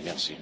ευχαριστώ.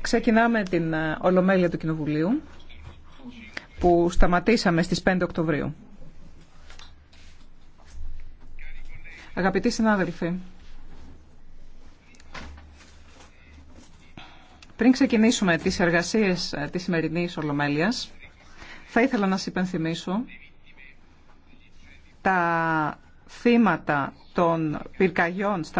Ξεκινάμε την ε, Ολομέλεια του Κοινοβουλίου που σταματήσαμε στις 5 Οκτωβρίου. Αγαπητοί συνάδελφοι, πριν ξεκινήσουμε τις εργασίες ε, της σημερινής Ολομέλειας, θα ήθελα να σας υπενθυμίσω τα θύματα των πυρκαγιών στα